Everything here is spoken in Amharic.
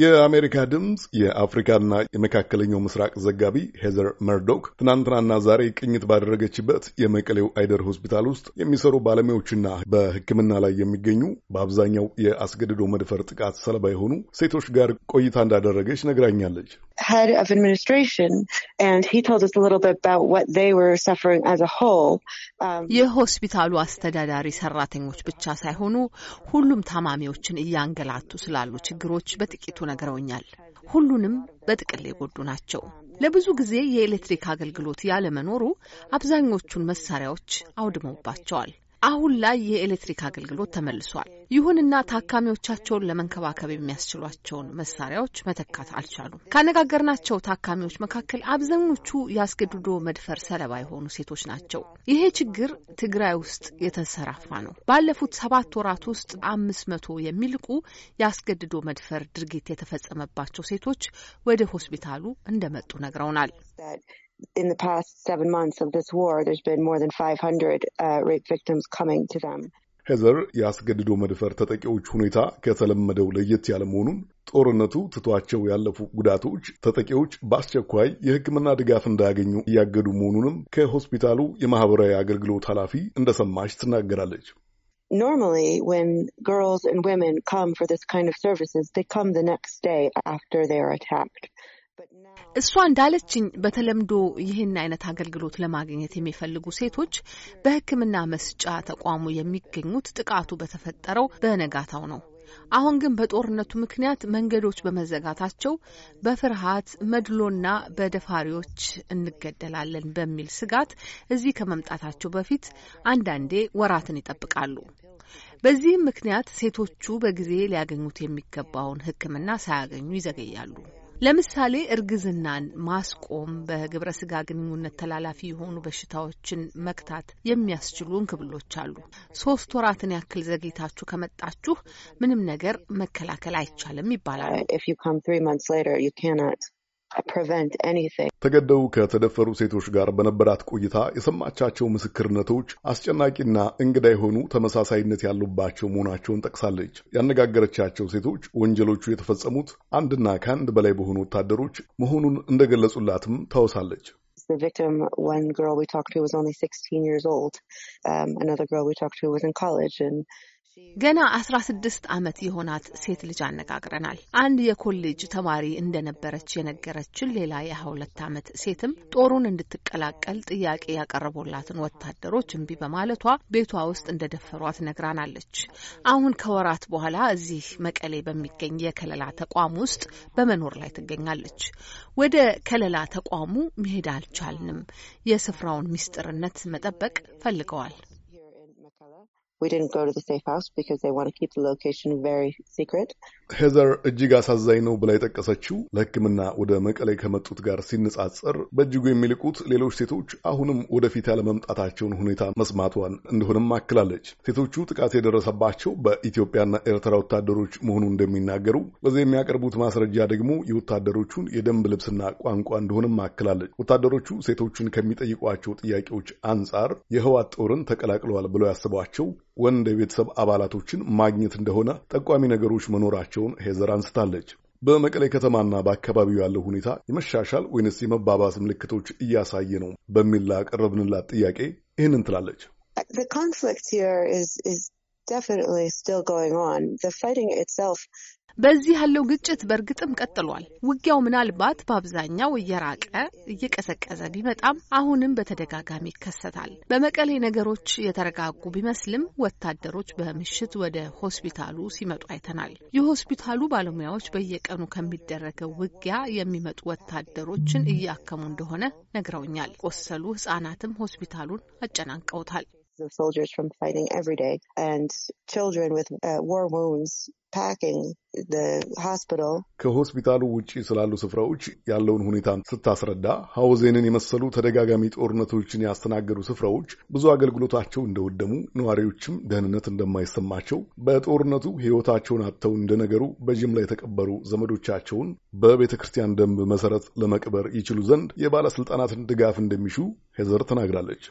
የአሜሪካ ድምፅ የአፍሪካና የመካከለኛው ምስራቅ ዘጋቢ ሄዘር መርዶክ ትናንትናና ዛሬ ቅኝት ባደረገችበት የመቀሌው አይደር ሆስፒታል ውስጥ የሚሰሩ ባለሙያዎችና በሕክምና ላይ የሚገኙ በአብዛኛው የአስገድዶ መድፈር ጥቃት ሰለባ የሆኑ ሴቶች ጋር ቆይታ እንዳደረገች ነግራኛለች። የሆስፒታሉ አስተዳዳሪ ሰራተኞች ብቻ ሳይሆኑ ሁሉም ታማሚዎችን እያንገላቱ ስላሉ ችግሮች በጥቂቱ ነግረውኛል። ሁሉንም በጥቅል የጎዱ ናቸው። ለብዙ ጊዜ የኤሌክትሪክ አገልግሎት ያለመኖሩ አብዛኞቹን መሳሪያዎች አውድመውባቸዋል። አሁን ላይ የኤሌክትሪክ አገልግሎት ተመልሷል። ይሁንና ታካሚዎቻቸውን ለመንከባከብ የሚያስችሏቸውን መሳሪያዎች መተካት አልቻሉም። ካነጋገርናቸው ታካሚዎች መካከል አብዛኞቹ የአስገድዶ መድፈር ሰለባ የሆኑ ሴቶች ናቸው። ይሄ ችግር ትግራይ ውስጥ የተንሰራፋ ነው። ባለፉት ሰባት ወራት ውስጥ አምስት መቶ የሚልቁ የአስገድዶ መድፈር ድርጊት የተፈጸመባቸው ሴቶች ወደ ሆስፒታሉ እንደመጡ ነግረውናል። in the past seven months of this war, there's been more than 500 uh, rape victims coming to them. ሄዘር የአስገድዶ መድፈር ተጠቂዎች ሁኔታ ከተለመደው ለየት ያለ መሆኑን ጦርነቱ ትቷቸው ያለፉ ጉዳቶች ተጠቂዎች በአስቸኳይ የሕክምና ድጋፍ እንዳያገኙ እያገዱ መሆኑንም ከሆስፒታሉ የማህበራዊ አገልግሎት ኃላፊ እንደሰማች ትናገራለች። Normally, when girls and women come for this kind of services, they come the next day after they are attacked. እሷ እንዳለችኝ በተለምዶ ይህን አይነት አገልግሎት ለማግኘት የሚፈልጉ ሴቶች በሕክምና መስጫ ተቋሙ የሚገኙት ጥቃቱ በተፈጠረው በነጋታው ነው። አሁን ግን በጦርነቱ ምክንያት መንገዶች በመዘጋታቸው በፍርሃት መድሎና በደፋሪዎች እንገደላለን በሚል ስጋት እዚህ ከመምጣታቸው በፊት አንዳንዴ ወራትን ይጠብቃሉ። በዚህም ምክንያት ሴቶቹ በጊዜ ሊያገኙት የሚገባውን ሕክምና ሳያገኙ ይዘገያሉ። ለምሳሌ እርግዝናን ማስቆም፣ በግብረ ስጋ ግንኙነት ተላላፊ የሆኑ በሽታዎችን መክታት የሚያስችሉ እንክብሎች አሉ። ሶስት ወራትን ያክል ዘግይታችሁ ከመጣችሁ ምንም ነገር መከላከል አይቻልም ይባላል። uh, ተገደው ከተደፈሩ ሴቶች ጋር በነበራት ቆይታ የሰማቻቸው ምስክርነቶች አስጨናቂና እንግዳ የሆኑ ተመሳሳይነት ያሉባቸው መሆናቸውን ጠቅሳለች። ያነጋገረቻቸው ሴቶች ወንጀሎቹ የተፈጸሙት አንድና ከአንድ በላይ በሆኑ ወታደሮች መሆኑን እንደገለጹላትም ታወሳለች። ገና አስራ ስድስት ዓመት የሆናት ሴት ልጅ አነጋግረናል። አንድ የኮሌጅ ተማሪ እንደነበረች የነገረችን ሌላ የሀያ ሁለት ዓመት ሴትም ጦሩን እንድትቀላቀል ጥያቄ ያቀረቡላትን ወታደሮች እምቢ በማለቷ ቤቷ ውስጥ እንደደፈሯት ነግራናለች። አሁን ከወራት በኋላ እዚህ መቀሌ በሚገኝ የከለላ ተቋም ውስጥ በመኖር ላይ ትገኛለች። ወደ ከለላ ተቋሙ መሄድ አልቻልንም። የስፍራውን ምስጢርነት መጠበቅ ፈልገዋል። We didn't go to the safe house because they want to keep the location very secret. ሄዘር እጅግ አሳዛኝ ነው ብላ የጠቀሰችው ለሕክምና ወደ መቀሌ ከመጡት ጋር ሲነጻጸር በእጅጉ የሚልቁት ሌሎች ሴቶች አሁንም ወደፊት ያለመምጣታቸውን ሁኔታ መስማቷን እንደሆነም አክላለች። ሴቶቹ ጥቃት የደረሰባቸው በኢትዮጵያና ኤርትራ ወታደሮች መሆኑ እንደሚናገሩ በዚህ የሚያቀርቡት ማስረጃ ደግሞ የወታደሮቹን የደንብ ልብስና ቋንቋ እንደሆነም አክላለች። ወታደሮቹ ሴቶቹን ከሚጠይቋቸው ጥያቄዎች አንጻር የህዋት ጦርን ተቀላቅለዋል ብለው ያስቧቸው ወንድ የቤተሰብ አባላቶችን ማግኘት እንደሆነ ጠቋሚ ነገሮች መኖራቸው መሆናቸውን ሄዘር አንስታለች። በመቀሌ ከተማና በአካባቢው ያለው ሁኔታ የመሻሻል ወይንስ የመባባስ ምልክቶች እያሳየ ነው በሚል ላቀረብንላት ጥያቄ ይህንን ትላለች። በዚህ ያለው ግጭት በእርግጥም ቀጥሏል። ውጊያው ምናልባት በአብዛኛው እየራቀ እየቀዘቀዘ ቢመጣም አሁንም በተደጋጋሚ ይከሰታል። በመቀሌ ነገሮች የተረጋጉ ቢመስልም ወታደሮች በምሽት ወደ ሆስፒታሉ ሲመጡ አይተናል። የሆስፒታሉ ባለሙያዎች በየቀኑ ከሚደረገው ውጊያ የሚመጡ ወታደሮችን እያከሙ እንደሆነ ነግረውኛል። ቆሰሉ ህጻናትም ሆስፒታሉን አጨናንቀውታል። of soldiers from fighting every day and children with uh, war wounds packing the hospital. ከሆስፒታሉ ውጪ ስላሉ ስፍራዎች ያለውን ሁኔታ ስታስረዳ ሐውዜንን የመሰሉ ተደጋጋሚ ጦርነቶችን ያስተናገዱ ስፍራዎች ብዙ አገልግሎታቸው እንደወደሙ፣ ነዋሪዎችም ደህንነት እንደማይሰማቸው፣ በጦርነቱ ህይወታቸውን አጥተው እንደነገሩ በጅምላ የተቀበሩ ዘመዶቻቸውን በቤተ ክርስቲያን ደንብ መሰረት ለመቅበር ይችሉ ዘንድ የባለስልጣናትን ድጋፍ እንደሚሹ ሄዘር ተናግራለች።